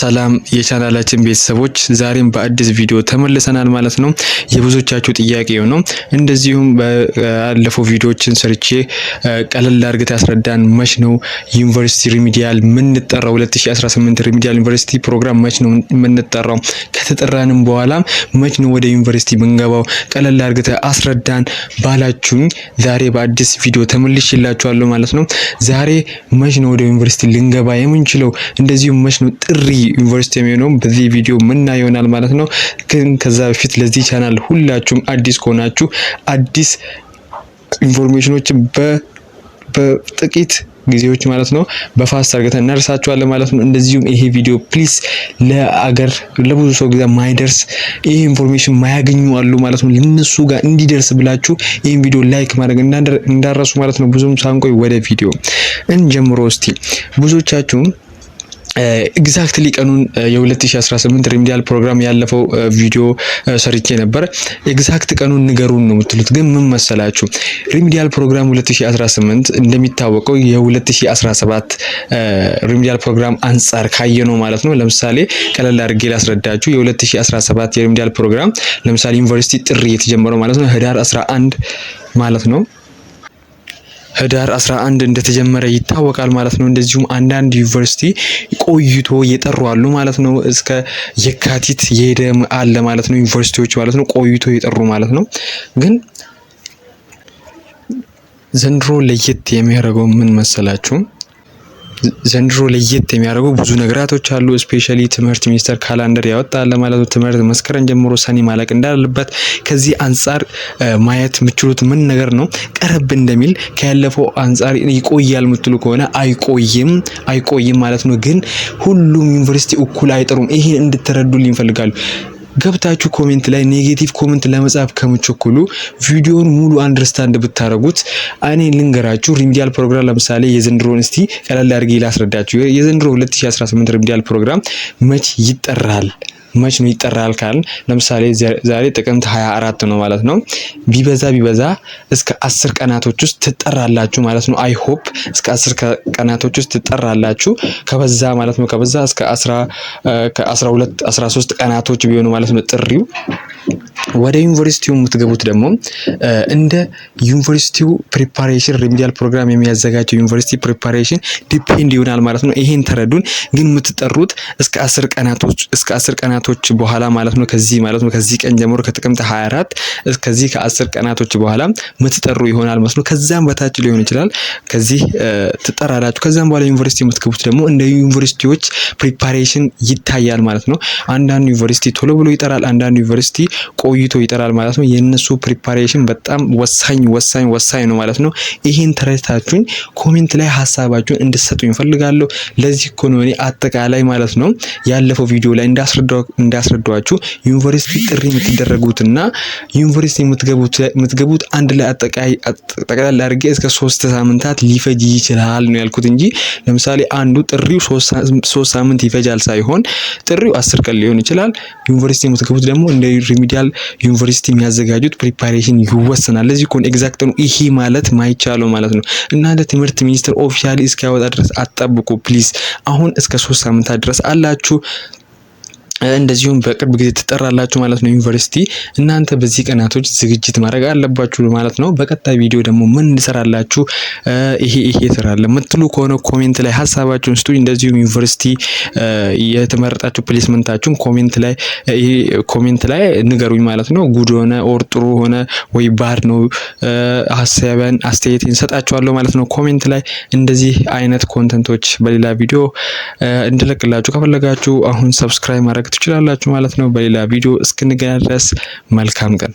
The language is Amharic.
ሰላም የቻናላችን ቤተሰቦች ዛሬም በአዲስ ቪዲዮ ተመልሰናል ማለት ነው። የብዙዎቻችሁ ጥያቄ ነው። እንደዚሁም ባለፈው ቪዲዮዎችን ሰርቼ ቀለል አድርገት ያስረዳን መች ነው ዩኒቨርሲቲ ሪሚዲያል የምንጠራው? 2018 ሪሚዲያል ዩኒቨርሲቲ ፕሮግራም መች ነው የምንጠራው? ከተጠራንም በኋላ መች ነው ወደ ዩኒቨርሲቲ ምንገባው ቀለል አድርገት አስረዳን ባላችሁኝ ዛሬ በአዲስ ቪዲዮ ተመልሼላችኋለሁ ማለት ነው። ዛሬ መች ነው ወደ ዩኒቨርሲቲ ልንገባ የምንችለው? እንደዚሁም መች ነው ጥሪ ዩኒቨርሲቲ የሚሆነውም በዚህ ቪዲዮ ምና ይሆናል ማለት ነው። ግን ከዛ በፊት ለዚህ ቻናል ሁላችሁም አዲስ ከሆናችሁ አዲስ ኢንፎርሜሽኖችን በጥቂት ጊዜዎች ማለት ነው በፋስት አርገተን እናደርሳችኋለን ማለት ነው። እንደዚሁም ይሄ ቪዲዮ ፕሊስ ለአገር ለብዙ ሰው ጊዜ ማይደርስ ይሄ ኢንፎርሜሽን ማያገኙ አሉ ማለት ነው። ለነሱ ጋር እንዲደርስ ብላችሁ ይህን ቪዲዮ ላይክ ማድረግ እንዳረሱ ማለት ነው። ብዙም ሳንቆይ ወደ ቪዲዮ እንጀምሮ እስቲ ብዙዎቻችሁም ኤግዛክትሊ ቀኑን የ2018 ሪሚዲያል ፕሮግራም ያለፈው ቪዲዮ ሰርቼ ነበር። ኤግዛክት ቀኑን ንገሩን ነው የምትሉት፣ ግን ምን መሰላችሁ ሪሚዲያል ፕሮግራም 2018 እንደሚታወቀው የ2017 ሪሚዲያል ፕሮግራም አንጻር ካየ ነው ማለት ነው። ለምሳሌ ቀለል አድርጌ ላስረዳችሁ። የ2017 የሪሚዲያል ፕሮግራም ለምሳሌ ዩኒቨርሲቲ ጥሪ የተጀመረው ማለት ነው ህዳር 11 ማለት ነው ህዳር 11 እንደተጀመረ ይታወቃል ማለት ነው። እንደዚሁም አንዳንድ ዩኒቨርሲቲ ቆይቶ የጠሩ አሉ ማለት ነው። እስከ የካቲት የሄደ አለ ማለት ነው። ዩኒቨርሲቲዎች ማለት ነው ቆይቶ የጠሩ ማለት ነው ግን ዘንድሮ ለየት የሚያደርገው ምን መሰላችሁ? ዘንድሮ ለየት የሚያደርጉ ብዙ ነገራቶች አሉ። ስፔሻሊ ትምህርት ሚኒስቴር ካላንደር ያወጣል ለማለት ነው። ትምህርት መስከረም ጀምሮ ሰኔ ማለቅ እንዳለበት ከዚህ አንጻር ማየት የምችሉት ምን ነገር ነው ቀረብ እንደሚል ከያለፈው አንጻር ይቆያል የምትሉ ከሆነ አይቆይም አይቆይም ማለት ነው። ግን ሁሉም ዩኒቨርሲቲ እኩል አይጠሩም። ይሄን እንድትረዱልኝ ይፈልጋሉ። ገብታችሁ ኮሜንት ላይ ኔጌቲቭ ኮሜንት ለመጻፍ ከምቸኩሉ ቪዲዮውን ሙሉ አንደርስታንድ ብታረጉት፣ እኔ ልንገራችሁ። ሪሚዲያል ፕሮግራም ለምሳሌ የዘንድሮን እስቲ ቀላል አድርጌ ላስረዳችሁ። የዘንድሮ 2018 ሪሚዲያል ፕሮግራም መች ይጠራል? መች ነው ይጠራል ካል ለምሳሌ ዛሬ ጥቅምት 24 ነው ማለት ነው። ቢበዛ ቢበዛ እስከ አስር ቀናቶች ውስጥ ትጠራላችሁ ማለት ነው። አይ ሆፕ እስከ አስር ቀናቶች ውስጥ ትጠራላችሁ። ከበዛ ማለት ነው ከበዛ እስከ 12 13 ቀናቶች ቢሆኑ ማለት ነው ጥሪው ወደ ዩኒቨርሲቲው የምትገቡት ደግሞ እንደ ዩኒቨርሲቲው ፕሪፓሬሽን ሪሚዲያል ፕሮግራም የሚያዘጋጀው ዩኒቨርሲቲ ፕሪፓሬሽን ዲፔንድ ይሆናል ማለት ነው። ይሄን ተረዱን። ግን የምትጠሩት እስከ አስር ቀናቶች እስከ አስር ቀናቶች ቀናቶች በኋላ ማለት ነው ከዚህ ማለት ነው ከዚህ ቀን ጀምሮ ከጥቅምት 24 እስከዚህ ከ10 ቀናቶች በኋላ ምትጠሩ ይሆናል ማለት ነው። ከዛም በታች ሊሆን ይችላል ከዚህ ትጠራላችሁ። ከዛም በኋላ ዩኒቨርሲቲ የምትገቡት ደግሞ እንደ ዩኒቨርሲቲዎች ፕሪፓሬሽን ይታያል ማለት ነው። አንዳንድ ዩኒቨርሲቲ ቶሎ ብሎ ይጠራል፣ አንዳንድ ዩኒቨርሲቲ ቆይቶ ይጠራል ማለት ነው። የእነሱ ፕሪፓሬሽን በጣም ወሳኝ ወሳኝ ወሳኝ ነው ማለት ነው። ይህን ተረታችሁኝ ኮሜንት ላይ ሀሳባችሁን እንድትሰጡኝ እፈልጋለሁ። ለዚህ እኮ አጠቃላይ ማለት ነው ያለፈው ቪዲዮ ላይ እንዳስረዳው እንዳስረዷችሁ ዩኒቨርሲቲ ጥሪ የምትደረጉትና ዩኒቨርሲቲ የምትገቡት አንድ ላይ ጠቅላላ አድርጌ እስከ ሶስት ሳምንታት ሊፈጅ ይችላል ነው ያልኩት እንጂ ለምሳሌ አንዱ ጥሪው ሶስት ሳምንት ይፈጃል ሳይሆን ጥሪው አስር ቀን ሊሆን ይችላል። ዩኒቨርሲቲ የምትገቡት ደግሞ እንደ ሪሚዲያል ዩኒቨርሲቲ የሚያዘጋጁት ፕሪፓሬሽን ይወሰናል። ለዚህ ኮን ኤግዛክት ነው ይሄ ማለት ማይቻለው ማለት ነው። እናንተ ትምህርት ሚኒስቴር ኦፊሻሊ እስኪያወጣ ድረስ አጠብቁ ፕሊዝ። አሁን እስከ ሶስት ሳምንታት ድረስ አላችሁ። እንደዚሁም በቅርብ ጊዜ ትጠራላችሁ ማለት ነው ዩኒቨርሲቲ። እናንተ በዚህ ቀናቶች ዝግጅት ማድረግ አለባችሁ ማለት ነው። በቀጣይ ቪዲዮ ደግሞ ምን እንሰራላችሁ ይሄ ይሄ ስራለ ምትሉ ከሆነ ኮሜንት ላይ ሀሳባችሁን ስጡ። እንደዚሁም ዩኒቨርሲቲ የተመረጣችሁ ፕሌስመንታችሁን ኮሜንት ላይ ኮሜንት ላይ ንገሩኝ ማለት ነው። ጉድ ሆነ ኦር ጥሩ ሆነ ወይ ባድ ነው ሀሳብን አስተያየት እንሰጣችኋለሁ ማለት ነው ኮሜንት ላይ። እንደዚህ አይነት ኮንተንቶች በሌላ ቪዲዮ እንድለቅላችሁ ከፈለጋችሁ አሁን ሰብስክራይብ ማድረግ ትችላላችሁ ማለት ነው። በሌላ ቪዲዮ እስክንገና ድረስ መልካም ቀን